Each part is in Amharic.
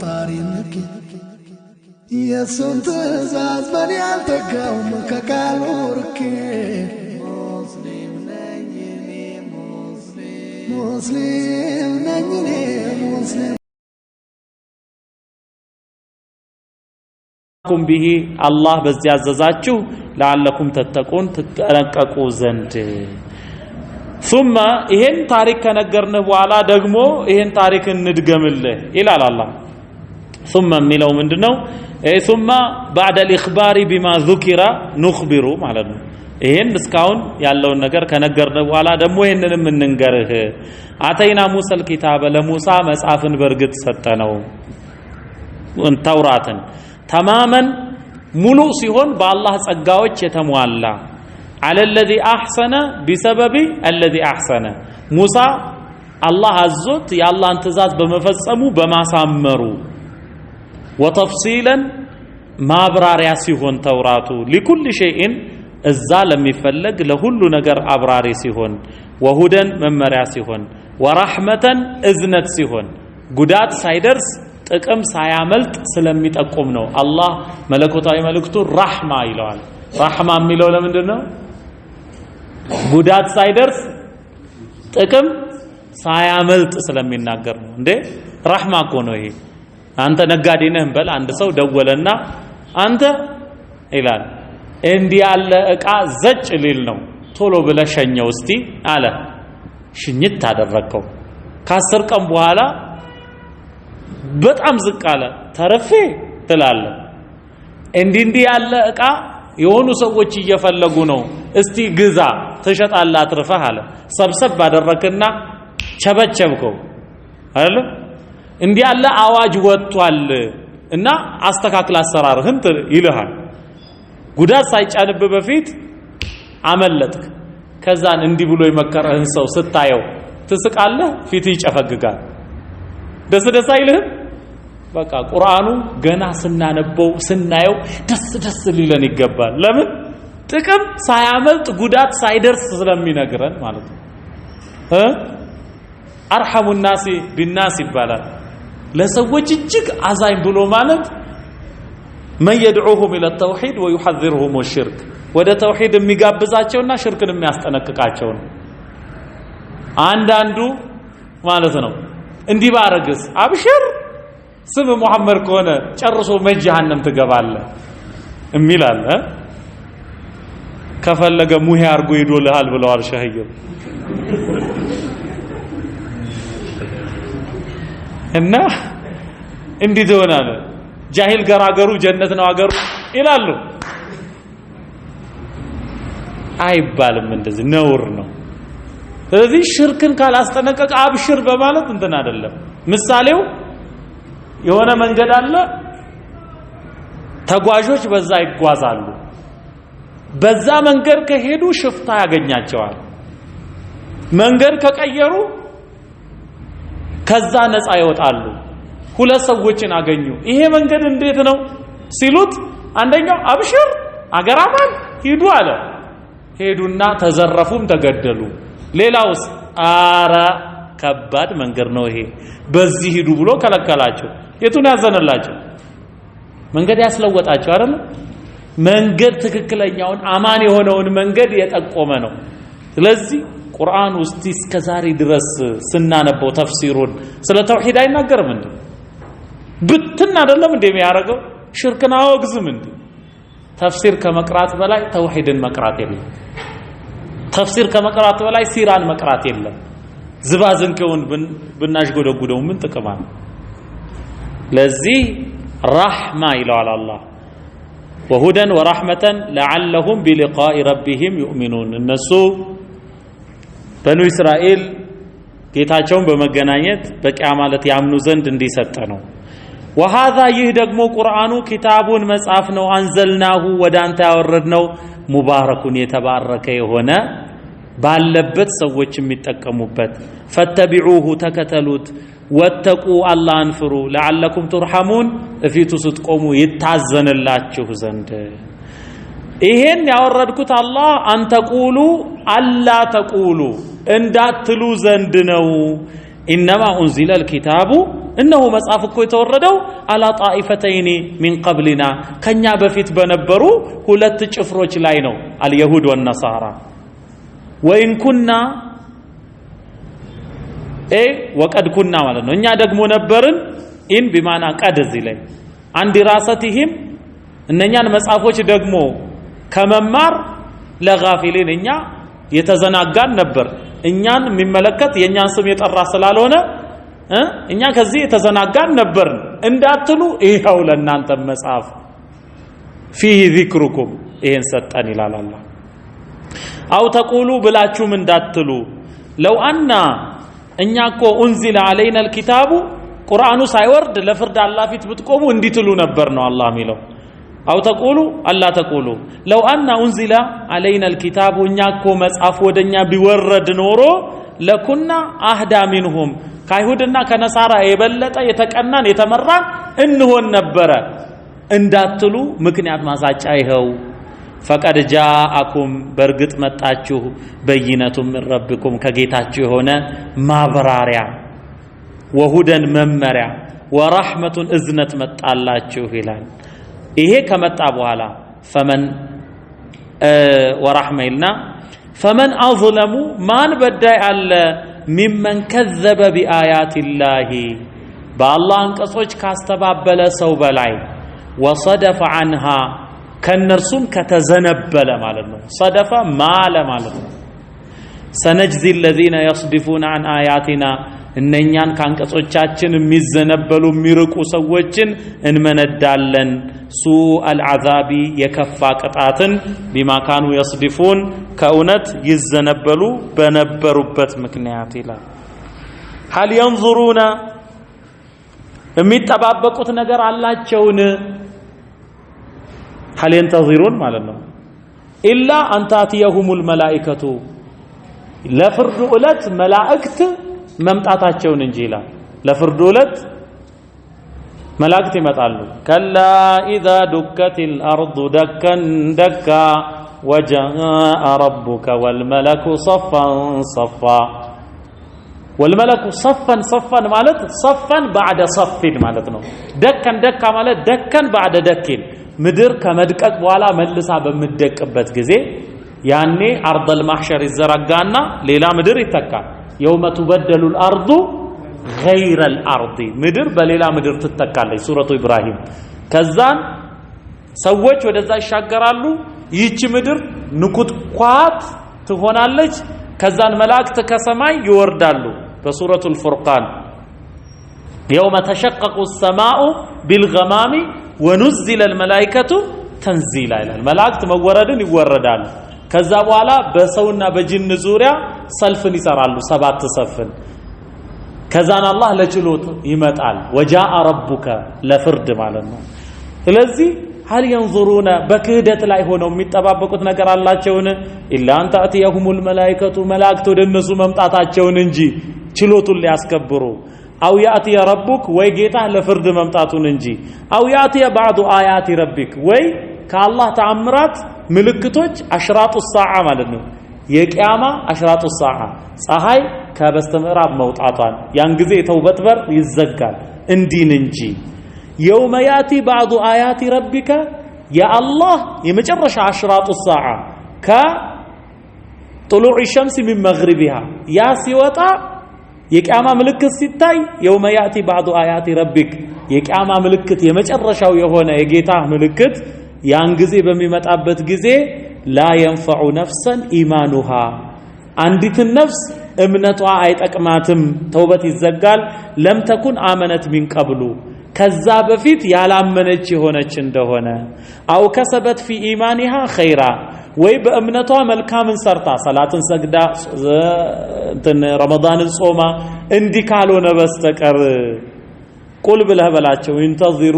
ፈጣሪ የእሱን ትእዛዝ በኔ አልተጋውም ከቃሉ ሙስሊም ነኝ እኔ ሙስሊም ቢሂ አላህ በዚያ አዘዛችሁ ለአለኩም ተተቁን ትጠነቀቁ ዘንድ ثم ይሄን ታሪክ ከነገርንህ በኋላ ደግሞ ይሄን ታሪክ እንድገምልህ ይላል አላህ ثم የሚለው ምንድነው? ይሄ ثم بعد الاخبار بما ذكر نخبر ማለት ነው። ይሄን እስካሁን ያለውን ነገር ከነገርን በኋላ ደግሞ ይሄንንም እንንገርህ። አተይና ሙሰል ኪታበ ለሙሳ መጽሐፍን በእርግጥ ሰጠነው ተውራትን ተማመን ሙሉ ሲሆን በአላህ ጸጋዎች የተሟላ አለለዚ አሕሰነ ቢሰበቢ አለዚ አሕሰነ ሙሳ አላህ አዞት የአላህን ትእዛዝ በመፈጸሙ በማሳመሩ ወተፍሲለን ማብራሪያ ሲሆን ተውራቱ ሊኩል ሸይእን እዛ ለሚፈለግ ለሁሉ ነገር አብራሪ ሲሆን ወሁደን መመሪያ ሲሆን ወራህመተን እዝነት ሲሆን ጉዳት ሳይደርስ ጥቅም ሳያመልጥ ስለሚጠቁም ነው። አላህ መለኮታዊ መልእክቱ ራህማ ይለዋል። ራህማ የሚለው ለምንድን ነው? ጉዳት ሳይደርስ ጥቅም ሳያመልጥ ስለሚናገር ነው። እንዴ ራህማ እኮ ነው ይሄ አንተ ነጋዴ ነህ በል አንድ ሰው ደወለና አንተ ይላል እንዲህ ያለ እቃ ዘጭ ሊል ነው፣ ቶሎ ብለ ሸኘው እስቲ አለ። ሽኝት አደረግከው። ከአስር ቀን በኋላ በጣም ዝቅ አለ። ተርፌ ትላለ እንዲህ እንዲህ ያለ እቃ የሆኑ ሰዎች እየፈለጉ ነው፣ እስቲ ግዛ፣ ትሸጣለህ አትርፈህ አለ። ሰብሰብ ባደረክና ቸበቸብከው አይደል እንዲህ ያለ አዋጅ ወጥቷል እና አስተካክል አሰራርህን ይልሃል። ጉዳት ሳይጫንብ በፊት አመለጥክ። ከዛን እንዲህ ብሎ የመከረህን ሰው ስታየው ትስቃለህ፣ ፊትህ ይጨፈግጋል። ደስ ደስ አይልህም? በቃ ቁርአኑ ገና ስናነበው ስናየው ደስ ደስ ሊለን ይገባል። ለምን? ጥቅም ሳያመልጥ ጉዳት ሳይደርስ ስለሚነግረን ማለት ነው። አርሐሙ ናሲ ቢናስ ይባላል። ለሰዎች እጅግ አዛኝ ብሎ ማለት መን የድዑሁም ኢለ ተውሂድ ወዩሐዚርሁም ሽርክ ወደ ተውሂድ የሚጋብዛቸውና ሽርክን የሚያስጠነቅቃቸው ነው። አንዳንዱ ማለት ነው እንዲህ ባረግስ አብሽር ስም ሙሐመድ ከሆነ ጨርሶ መጀሃነም ትገባለህ የሚል አለ። ከፈለገ ሙሄ አድርጎ ይዶልሃል ብለዋል ሸህየው እና እንዲህ ትሆናለህ። ጃሂል አገሩ ጀነት ነው አገሩ ይላሉ። አይባልም፣ እንደዚህ ነውር ነው። ስለዚህ ሽርክን ካላስጠነቀቀ አብሽር በማለት እንትን አይደለም። ምሳሌው የሆነ መንገድ አለ፣ ተጓዦች በዛ ይጓዛሉ። በዛ መንገድ ከሄዱ ሽፍታ ያገኛቸዋል። መንገድ ከቀየሩ ከዛ ነፃ ይወጣሉ። ሁለት ሰዎችን አገኙ። ይሄ መንገድ እንዴት ነው ሲሉት አንደኛው አብሽር አገራማን ሂዱ አለ። ሄዱና ተዘረፉም ተገደሉ። ሌላውስ አረ ከባድ መንገድ ነው ይሄ በዚህ ሂዱ ብሎ ከለከላቸው። የቱን ያዘነላቸው? መንገድ ያስለወጣቸው አይደል? መንገድ ትክክለኛውን አማን የሆነውን መንገድ የጠቆመ ነው። ስለዚህ ቁርአን ውስጥ እስከ ዛሬ ድረስ ስናነበው ተፍሲሩን ስለ ተውሂድ አይናገርም እንዴ? ብትን አይደለም እንዴ የሚያደርገው? ሽርክን አወግዝም እንዴ? ተፍሲር ከመቅራት በላይ ተውሂድን መቅራት የለም። ተፍሲር ከመቅራት በላይ ሲራን መቅራት የለም። ዝባዝንኬውን ብናሽጎደጉደው ምን ጥቅም አለ? ለዚህ ራህማ ይለዋል አላህ ወሁደን ወራህመተን ለዓለሁም ቢሊቃኢ ረቢሂም ዩእሚኑን እነሱ በኑ እስራኤል ጌታቸውን በመገናኘት በቂያ ማለት ያምኑ ዘንድ እንዲሰጠ ነው። ወሃዛ ይህ ደግሞ ቁርአኑ ኪታቡን መጽሐፍ ነው። አንዘልናሁ ወደ አንተ ያወረድነው ሙባረኩን የተባረከ የሆነ ባለበት ሰዎች የሚጠቀሙበት ፈተቢዑሁ ተከተሉት፣ ወተቁ አላህን ፍሩ፣ ለዓለኩም ቱርሐሙን እፊቱ ስትቆሙ ይታዘንላችሁ ዘንድ ይሄን ያወረድኩት አላህ አንተቁሉ አላ ተቁሉ እንዳትሉ ዘንድ ነው። ኢነማ ኡንዚለ ልኪታቡ እነሆ መጽሐፍ እኮ የተወረደው አላ ጣኢፈተይኒ ሚን ቀብሊና ከእኛ በፊት በነበሩ ሁለት ጭፍሮች ላይ ነው። አልየሁድ ወነሳራ ወኢን ኤ ወቀድ ማለት ነው። እኛ ደግሞ ነበርን። ኢን ቢማና ቀድ እዚህ ላይ አንድ ራሰትህም እነኛን መጽሐፎች ደግሞ ከመማር ለጋፊሊን እኛ የተዘናጋን ነበር። እኛን የሚመለከት የእኛን ስም የጠራ ስላልሆነ እኛ ከዚህ የተዘናጋን ነበር እንዳትሉ ይኸው ለእናንተ መጽሐፍ ፊህ ዚክሩኩም ይሄን ሰጠን ይላል አላህ። አው ተቁሉ ብላችሁም እንዳትሉ ለው አና እኛ እኮ ኡንዚለ አለይነል ኪታቡ ቁርአኑ ሳይወርድ ለፍርድ አላህ ፊት ብትቆሙ እንዲትሉ ነበር ነው አላህ የሚለው አው ተቁሉ አላ ተቁሉ ለው አና ኡንዚላ አለይና ልኪታቡ እኛ እኮ መጽሐፍ ወደ እኛ ቢወረድ ኖሮ ለኩና አህዳ ሚንሁም ከአይሁድና ከነሳራ የበለጠ የተቀናን የተመራን እንሆን ነበረ እንዳትሉ ምክንያት ማሳጫ ይኸው ፈቀድ ጃአኩም በእርግጥ መጣችሁ በይነቱም ምን ረብኩም ከጌታችሁ የሆነ ማብራሪያ ወሁደን መመሪያ ወራሕመቱን እዝነት መጣላችሁ ይላል ይሄ ከመጣ በኋላ ፈመን ወራህመ ይልና ፈመን አዝለሙ ማን በዳይ አለ ሚመን ከዘበ ቢአያቲላሂ በአላህ አንቀጾች ካስተባበለ ሰው በላይ ወሰደፈ አንሃ ከእነርሱም ከተዘነበለ ማለት ነው። ሰደፈ ማለ ማለት ነው። ሰነጅዚ ለዚነ የስድፉነ አን አያቲና እነኛን ከአንቀጾቻችን የሚዘነበሉ የሚርቁ ሰዎችን እንመነዳለን። ሱአል ዓዛቢ የከፋ ቅጣትን ቢማካኑ የስዲፉን ከእውነት ይዘነበሉ በነበሩበት ምክንያት ይላል። ሀል የንዙሩነ የሚጠባበቁት ነገር አላቸውን? ሀል የንተዚሩን ማለት ነው። ኢላ አንታትየሁሙል መላኢከቱ ለፍርዱ ዕለት መላእክት መምጣታቸውን እንጂ ይላል ለፍርዱ ዕለት መላእክት ይመጣሉ። ከላ ኢዛ ዱከቲል አርዱ ደከን ደካ ወጃአ ረቡከ ወልመለኩ ሰፋን ሰፋ ወልመለኩ ሰፈን ሰፈን ማለት ሰፈን ባዕደ ሰፊን ማለት ነው። ደከን ደካ ማለት ደከን ባዕደ ደኪን ምድር ከመድቀቅ በኋላ መልሳ በምደቅበት ጊዜ ያኔ አርደል ማሕሸር ይዘረጋና ሌላ ምድር ይተካል። የውመ ቱበደሉ አርዱ ገይረል አርዲ ምድር በሌላ ምድር ትተካለች። ሱረቱ ኢብራሂም። ከዛን ሰዎች ወደዛ ይሻገራሉ። ይህች ምድር ንኩትኳት ትሆናለች። ከዛን መላእክት ከሰማይ ይወርዳሉ። በሱረቱል ፉርቃን የውመ ተሸቀቁ ሰማኡ ቢልገማሚ ወኑዚለል መላይከቱ ተንዚላ ይላል። መላእክት መወረድን ይወረዳሉ። ከዛ በኋላ በሰውና በጅን ዙሪያ ሰልፍን ይሰራሉ። ሰባት ሰፍን ከዛን አላህ ለችሎት ይመጣል። ወጃአ ረቡከ ለፍርድ ማለት ነው። ስለዚህ ሀል የንዙሩነ በክህደት ላይ ሆነው የሚጠባበቁት ነገር አላቸውን? ኢላ አን ተእትየሁሙል መላኢከቱ መላእክት ወደ እነሱ መምጣታቸውን እንጂ ችሎቱን ሊያስከብሩ አው ያእትየ ረቡክ ወይ ጌታ ለፍርድ መምጣቱን እንጂ አው ያእትየ ባዕዱ አያቲ ረቢክ ወይ ከአላህ ተአምራት ምልክቶች አሽራጡ ሰዓ ማለት ነው። የቅያማ አሽራጡ ሰዓ ፀሐይ ከበስተምዕራብ መውጣቷን ያን ጊዜ የተውበት በር ይዘጋል። እንዲን እንጂ የውመ ያቲ ባዕዱ አያቲ ረቢከ የአላህ የመጨረሻ አሽራጡ ሰዓ ከጥሉዕ ሸምስ ሚን መግሪቢሃ ያ ሲወጣ የቅያማ ምልክት ሲታይ የውመ ያቲ ባዕዱ አያቲ ረቢክ የቅያማ ምልክት የመጨረሻው የሆነ የጌታ ምልክት ያን ጊዜ በሚመጣበት ጊዜ ላ የንፈዑ ነፍሰን ኢማኑሃ አንዲትን ነፍስ እምነቷ አይጠቅማትም፣ ተውበት ይዘጋል። ለም አመነት ሚን ቀብሉ ከዛ በፊት ያላመነች የሆነች እንደሆነ አው ከሰበት ፊ ኢማኒሃ ኸይራ ወይ በእምነቷ መልካምን ሰርታ ሰላትን ሰግዳ እንትን ረመዳንን ጾማ እንዲህ ካልሆነ በስተቀር ቁል ብለህ በላቸው ይንተዚሩ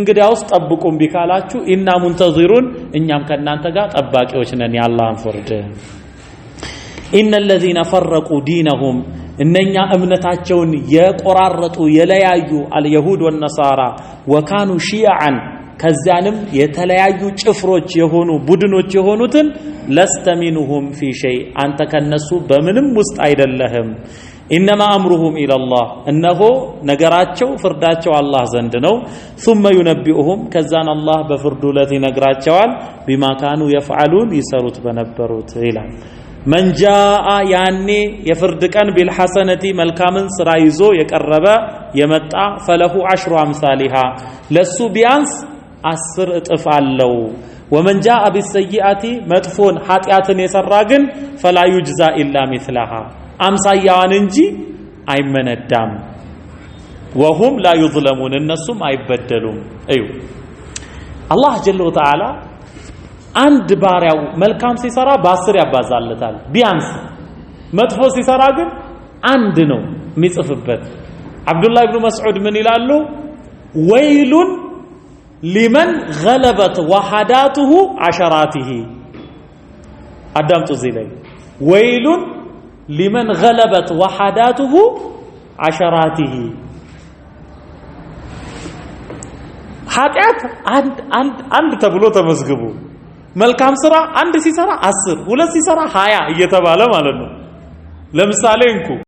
እንግዲያውስ ጠብቁ እምቢ ካላችሁ ኢና ሙንተዚሩን እኛም ከእናንተ ጋር ጠባቂዎች ነን የአላህን ፍርድ ኢነ ለዚነ ፈረቁ ዲነሁም እነኛ እምነታቸውን የቆራረጡ የለያዩ አልየሁድ ወነሳራ ወካኑ ሺዓን ከዚያንም የተለያዩ ጭፍሮች የሆኑ ቡድኖች የሆኑትን ለስተ ሚንሁም ፊ ሸይ አንተ ከነሱ በምንም ውስጥ አይደለህም። ኢነማ አምሩሁም ኢለላህ እነሆ ነገራቸው ፍርዳቸው አላህ ዘንድ ነው። ሱመ ዩነቢኡሁም ከዛን አላህ በፍርዱ ዕለት ይነግራቸዋል። ቢማ ካኑ የፍዓሉን ይሰሩት በነበሩት ይላል። መንጃአ ያኔ የፍርድ ቀን ቢልሐሰነቲ መልካምን ስራ ይዞ የቀረበ የመጣ ፈለሁ አሽሩ አምሳሊሃ ለሱ ቢያንስ አስር እጥፍ አለው። ወመንጃአ ቢሰይአቲ መጥፎን ኃጢአትን የሰራ ግን ፈላዩ ዩጅዛ ኢላ ሚስላሃ አምሳያዋን እንጂ አይመነዳም። ወሁም ላዩዝለሙን እነሱም አይበደሉም። እዩ አላህ ጀለ ወተዓላ አንድ ባሪያው መልካም ሲሰራ በአስር ያባዛለታል ቢያንስ። መጥፎ ሲሰራ ግን አንድ ነው የሚጽፍበት። አብዱላህ ብኑ መስዑድ ምን ይላሉ? ወይሉን ሊመን ገለበት ወሐዳቱሁ አሸራቲሂ። አዳምጡ እዚህ ላይ ወይሉን ሊመን ገለበት ወሐዳቱሁ አሸራቲሂ። ኃጢአት አንድ ተብሎ ተመዝግቡ መልካም ስራ አንድ ሲሰራ አስር ሁለት ሲሰራ ሀያ እየተባለ ማለት ነው። ለምሳሌ እንኩ